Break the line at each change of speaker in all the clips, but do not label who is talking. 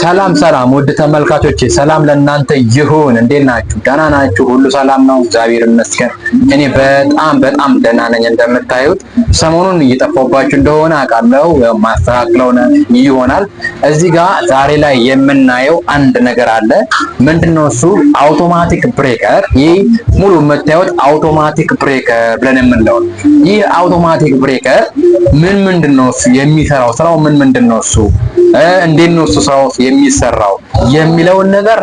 ሰላም ሰላም ውድ ተመልካቾቼ፣ ሰላም ለእናንተ ይሁን። እንዴት ናችሁ? ደህና ናችሁ? ሁሉ ሰላም ነው? እግዚአብሔር ይመስገን። እኔ በጣም በጣም ደህና ነኝ። እንደምታዩት ሰሞኑን እየጠፋባችሁ እንደሆነ አውቃለሁ። ማስተካክለው ይሆናል። እዚህ ጋር ዛሬ ላይ የምናየው አንድ ነገር አለ። ምንድነው እሱ? አውቶማቲክ ብሬከር። ይህ ሙሉ የምታዩት አውቶማቲክ ብሬከር ብለን የምንለው ይህ አውቶማቲክ ብሬከር ምን ምንድነው እሱ የሚሰራው? ስራው ምን ምንድነው እሱ እንዴት ነው እሱ የሚሰራው የሚለውን ነገር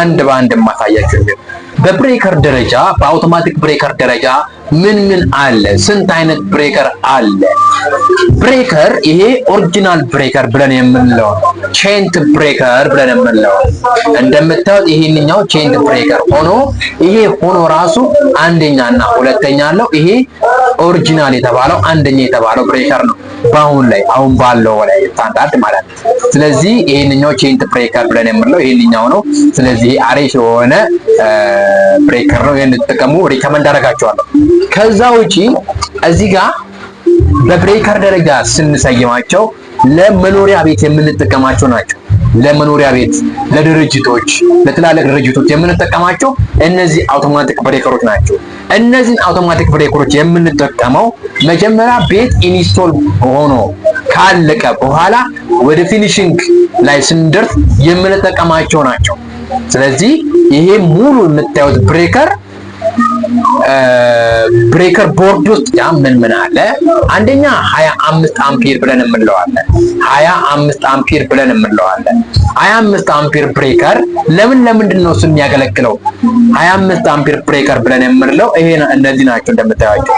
አንድ በአንድ ማሳያችሁ። በብሬከር ደረጃ በአውቶማቲክ ብሬከር ደረጃ ምን ምን አለ? ስንት አይነት ብሬከር አለ? ብሬከር ይሄ ኦሪጂናል ብሬከር ብለን የምንለው ቼንት ብሬከር ብለን የምንለው እንደምታዩት፣ ይሄንኛው ቼንት ብሬከር ሆኖ ይሄ ሆኖ ራሱ አንደኛና ሁለተኛ አለው። ይሄ ኦሪጂናል የተባለው አንደኛ የተባለው ብሬከር ነው። በአሁን ላይ አሁን ባለው ላይ ስታንዳርድ ማለት ነው። ስለዚህ ይሄንኛው ቼንት ብሬከር ብለን የምንለው ይሄንኛው ነው። ስለዚህ አሬሽ የሆነ ብሬከር ነው። ይሄን እንድትጠቀሙ ሪከመንድ አደርጋቸዋለሁ። ከዛ ውጪ እዚህ ጋር በብሬከር ደረጃ ስንሰይማቸው ለመኖሪያ ቤት የምንጠቀማቸው ናቸው። ለመኖሪያ ቤት፣ ለድርጅቶች፣ ለትላልቅ ድርጅቶች የምንጠቀማቸው እነዚህ አውቶማቲክ ብሬከሮች ናቸው። እነዚህን አውቶማቲክ ብሬከሮች የምንጠቀመው መጀመሪያ ቤት ኢንስቶል ሆኖ ካለቀ በኋላ ወደ ፊኒሽንግ ላይ ስንደርስ የምንጠቀማቸው ናቸው። ስለዚህ ይሄ ሙሉ የምታዩት ብሬከር ብሬከር ቦርድ ውስጥ ያ ምን ምን አለ? አንደኛ 25 አምፒር ብለን የምንለዋለን። 25 አምፒር ብለን የምንለዋለን። 25 አምፒር ብሬከር ለምን ለምንድን ነው እሱ የሚያገለግለው? 25 አምፒር ብሬከር ብለን የምንለው ይሄ እነዚህ ናቸው እንደምታዩቸው።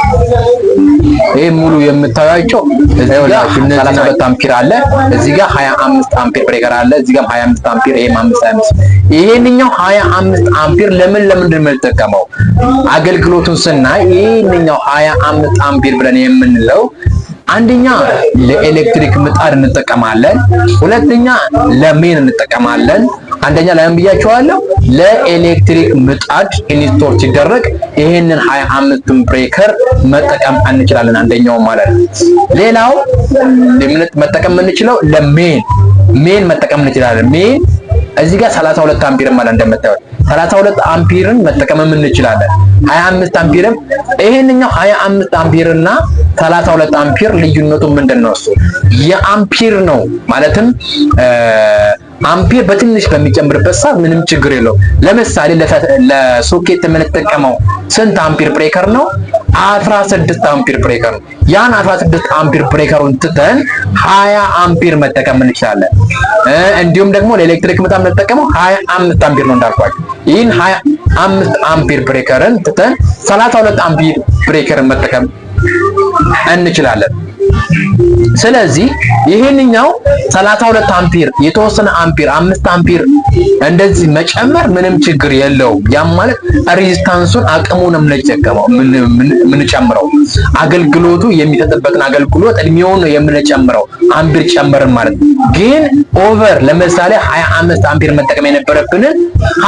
ይሄ ሙሉ የምታዩቸው እዚህ ጋር 32 አምፒር አለ፣ እዚህ ጋር 25 አምፒር ብሬከር አለ፣ እዚህ ጋር 25 አምፒር ይሄም አምፒር ይሄንኛው 25 አምፒር ለምን ለምንድን ነው የምንጠቀመው? አገልግሎቱን ስናይ ይህንኛው ሀያ አምስት አምፒር ብለን የምንለው አንደኛ ለኤሌክትሪክ ምጣድ እንጠቀማለን፣ ሁለተኛ ለሜን እንጠቀማለን። አንደኛ ለምን ብያቸዋለሁ? ለኤሌክትሪክ ምጣድ ኢንስቶል ሲደረግ ይህንን ሀያ አምስቱን ብሬከር መጠቀም እንችላለን። አንደኛው ማለት ሌላው መጠቀም የምንችለው ለሜን ሜን መጠቀም እንችላለን ሜን እዚህ ጋር 32 አምፒር ማለት እንደምታዩት 32 አምፒርን መጠቀም እንችላለን። 25 አምፒርም ይሄንኛው 25 አምፒር እና 32 አምፒር ልዩነቱ ምንድን ነው? እሱ የአምፒር ነው ማለትም አምፔር በትንሽ በሚጨምርበት ሰዓት ምንም ችግር የለውም። ለምሳሌ ለሶኬት የምንጠቀመው ስንት አምፔር ብሬከር ነው? 16 አምፔር ብሬከር ነው። ያን 16 አምፔር ብሬከሩን ትተን 20 አምፔር መጠቀም እንችላለን። እንዲሁም ደግሞ ለኤሌክትሪክ ምጣድ የምንጠቀመው 25 አምፔር ነው እንዳልኳችሁ። ይህን 25 አምፔር ብሬከርን ትተን 32 አምፔር ብሬከርን መጠቀም እንችላለን። ስለዚህ ይህንኛው 32 አምፒር የተወሰነ አምፒር አምስት አምፒር እንደዚህ መጨመር ምንም ችግር የለውም። ያም ማለት ሬዚስታንሱን አቅሙን የምንጨምረው የምንጨምረው አገልግሎቱ የሚሰጥበትን አገልግሎት እድሜውን ነው የምንጨምረው አምፒር ጨመርን ማለት ነው። ግን ኦቨር ለምሳሌ 25 አምፒር መጠቀም የነበረብንን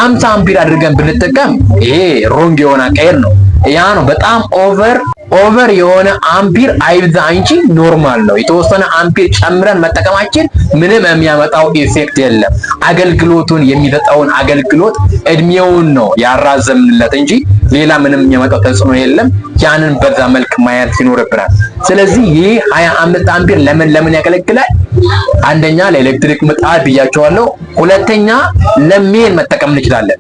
50 አምፒር አድርገን ብንጠቀም ይሄ ሮንግ የሆነ አካሄድ ነው። ያ ነው በጣም ኦቨር ኦቨር የሆነ አምፒር አይብዛ እንጂ ኖርማል ነው። የተወሰነ አምፒር ጨምረን መጠቀማችን ምንም የሚያመጣው ኢፌክት የለም። አገልግሎቱን የሚሰጠውን አገልግሎት እድሜውን ነው ያራዘምንለት እንጂ ሌላ ምንም የሚያመጣው ተጽዕኖ የለም። ያንን በዛ መልክ ማየት ይኖርብናል። ስለዚህ ይህ 25 አምፒር ለምን ለምን ያገለግላል? አንደኛ ለኤሌክትሪክ ምጣድ ብያቸዋለሁ። ሁለተኛ ለሜን መጠቀም እንችላለን።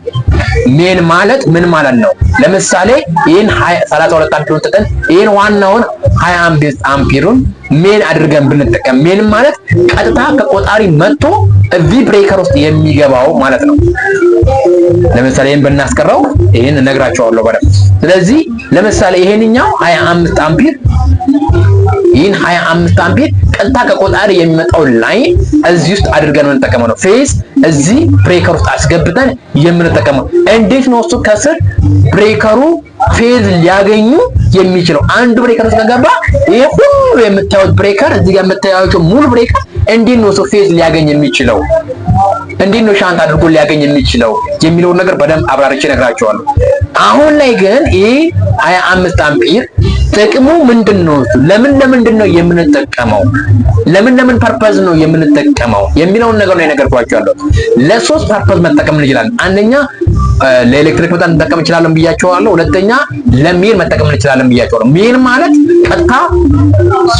ሜን ማለት ምን ማለት ነው? ለምሳሌ ይህን 32 አምፒሩን ጥጠን ይህን ዋናውን 25 አምፒሩን ሜን አድርገን ብንጠቀም ሜን ማለት ቀጥታ ከቆጣሪ መጥቶ እቪ ብሬከር ውስጥ የሚገባው ማለት ነው። ለምሳሌ ይሄን ብናስቀረው ይሄን እነግራቸዋለሁ በደምብ። ስለዚህ ለምሳሌ ይሄንኛው 25 አምፒር ይህን 25 አምፒር ቀጥታ ከቆጣሪ የሚመጣው ላይን እዚህ ውስጥ አድርገን የምንጠቀመው ነው። ፌዝ እዚህ ብሬከር ውስጥ አስገብተን የምንጠቀመው እንዴት ነው? እሱ ከስር ብሬከሩ ፌዝ ሊያገኙ የሚችለው አንዱ ብሬከር ውስጥ ከገባ ይሄ ሁሉ የምታዩት ብሬከር እዚህ ጋር የምታዩት ሙሉ ብሬከር እንዴት ነው ሰው ፌዝ ሊያገኝ የሚችለው? እንዴት ነው ሻንት አድርጎ ሊያገኝ የሚችለው የሚለውን ነገር በደንብ አብራርቼ ነግራቸዋለሁ። አሁን ላይ ግን ይህ 25 አምፒር ጥቅሙ ምንድን ነው? ለምን ለምንድን ነው የምንጠቀመው? ለምን ለምን ፐርፐዝ ነው የምንጠቀመው የሚለውን ነገር ነው የነገርኳቸዋለሁ። ለሶስት ፐርፐዝ መጠቀም እንችላለን። አንደኛ ለኤሌክትሪክ በጣም እንጠቀም እንችላለን ብያቸዋለሁ። ሁለተኛ ለሜል መጠቀም እንችላለን ብያቸዋለሁ። ሜል ማለት ቀጥታ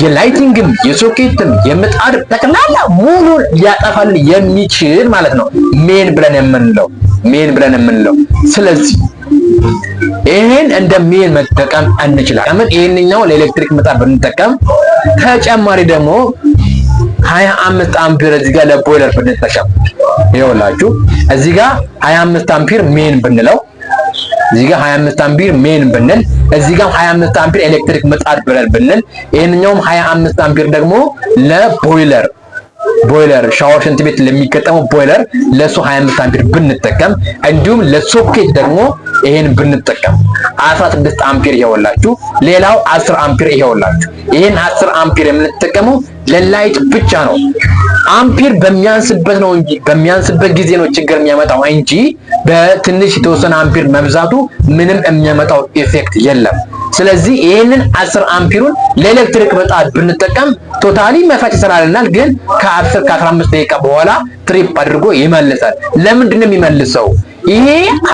የላይቲንግም የሶኬትም የምጣድ ጠቅላላ ሙሉን ሊያጠፋልን የሚችል ማለት ነው ሜን ብለን የምንለው ሜን ብለን የምንለው ስለዚህ ይህን እንደ ሜል መጠቀም እንችላለን። ይህንኛው ለኤሌክትሪክ ምጣድ ብንጠቀም ተጨማሪ ደግሞ ሀያ አምስት አምፒር እዚህ ጋር ለቦይለር ብንጠቀም ይኸውላችሁ እዚህ ጋር ሀያ አምስት አምፒር ሜን ብንለው እዚህ ጋር 25 አምፒር ሜን ብንል እዚህ ጋር 25 አምፒር ኤሌክትሪክ ምጣድ ብለን ብንል ይሄንኛውም 25 አምፒር ደግሞ ለቦይለር ቦይለር ሻወር ሽንት ቤት ለሚገጠመው ቦይለር ለሱ 25 አምፒር ብንጠቀም እንዲሁም ለሶኬት ደግሞ ይሄን ብንጠቀም 16 አምፒር ይሄውላችሁ፣ ሌላው 10 አምፒር ይሄውላችሁ። ይሄን 10 አምፒር የምንጠቀመው ለላይት ብቻ ነው። አምፒር በሚያንስበት ነው እንጂ በሚያንስበት ጊዜ ነው ችግር የሚያመጣው እንጂ በትንሽ የተወሰነ አምፒር መብዛቱ ምንም የሚያመጣው ኢፌክት የለም። ስለዚህ ይሄንን 10 አምፒሩን ለኤሌክትሪክ ምጣድ ብንጠቀም ቶታሊ መፈጭ ይሰራልናል፣ ግን ከ10 ከ15 ደቂቃ በኋላ ትሪፕ አድርጎ ይመልሳል። ለምንድን ነው የሚመልሰው? ይሄ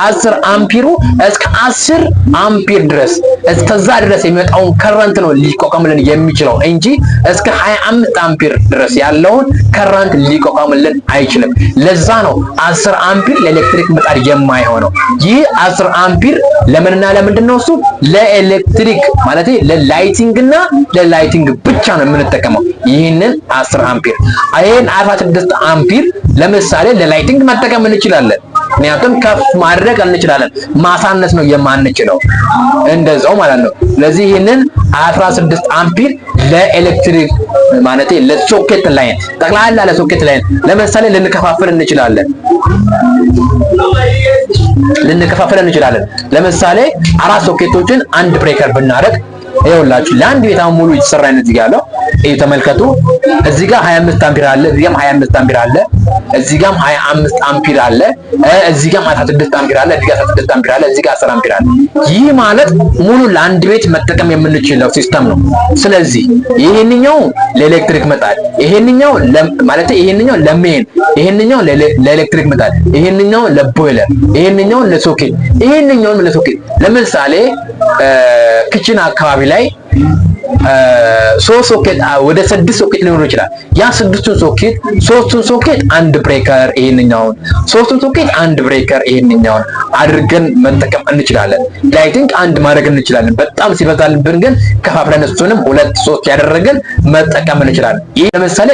አስር አምፒሩ እስከ አስር አምፒር ድረስ እስከዛ ድረስ የሚመጣውን ከረንት ነው ሊቋቋምልን የሚችለው እንጂ እስከ 25 አምፒር ድረስ ያለውን ከረንት ሊቋቋምልን አይችልም። ለዛ ነው አስር አምፒር ለኤሌክትሪክ ምጣድ የማይሆነው። ይህ አስር አምፒር ለምንና ለምንድን ነው እሱ ለኤሌክትሪክ ማለት ለላይቲንግ እና ለላይቲንግ ብቻ ነው የምንጠቀመው ይህንን አስር አምፒር። ይህን 46 አምፒር ለምሳሌ ለላይቲንግ መጠቀም እንችላለን። ምክንያቱም ከፍ ማድረግ እንችላለን፣ ማሳነስ ነው የማንችለው። እንደዛው ማለት ነው። ስለዚህ ይህንን 16 አምፒር ለኤሌክትሪክ ማለት ለሶኬት ላይን ጠቅላላ ለሶኬት ላይን ለምሳሌ ልንከፋፍል እንችላለን ልንከፋፍል እንችላለን። ለምሳሌ አራት ሶኬቶችን አንድ ብሬከር ብናደርግ ይኸውላችሁ ለአንድ ቤት አሁን ሙሉ የተሰራ አይነት እዚህ ጋር ያለው እዩ ተመልከቱ። እዚህ ጋር 25 አምፒር አለ፣ እዚህ ጋር 25 አምፒር አለ፣ እዚህ ጋር 25 አምፒር አለ፣ እዚህ ጋር 16 አምፒር አለ፣ እዚህ ጋር 16 አምፒር አለ፣ እዚህ ጋር 10 አምፒር አለ። ይህ ማለት ሙሉ ለአንድ ቤት መጠቀም የምንችለው ሲስተም ነው። ስለዚህ ይሄንኛው ለኤሌክትሪክ መጣድ፣ ይሄንኛው ማለት ይሄንኛው ለሜን፣ ይሄንኛው ለኤሌክትሪክ መጣድ፣ ይሄንኛው ለቦይለር፣ ይሄንኛው ለሶኬት፣ ይሄንኛው ለሶኬት። ለምሳሌ ክችን አካባቢ ላይ ላይ ሶስት ሶኬት ወደ ስድስት ሶኬት ሊኖር ይችላል። ያ ስድስቱን ሶኬት ሶስቱን ሶኬት አንድ ብሬከር ይሄንኛውን፣ ሶስቱን ሶኬት አንድ ብሬከር ይሄንኛውን አድርገን መጠቀም እንችላለን። ላይቲንግ አንድ ማድረግ እንችላለን። በጣም ሲበዛልብን ግን ከፋፍለን እሱንም ሁለት ሶስት ያደረገን መጠቀም እንችላለን። ይህ ለምሳሌ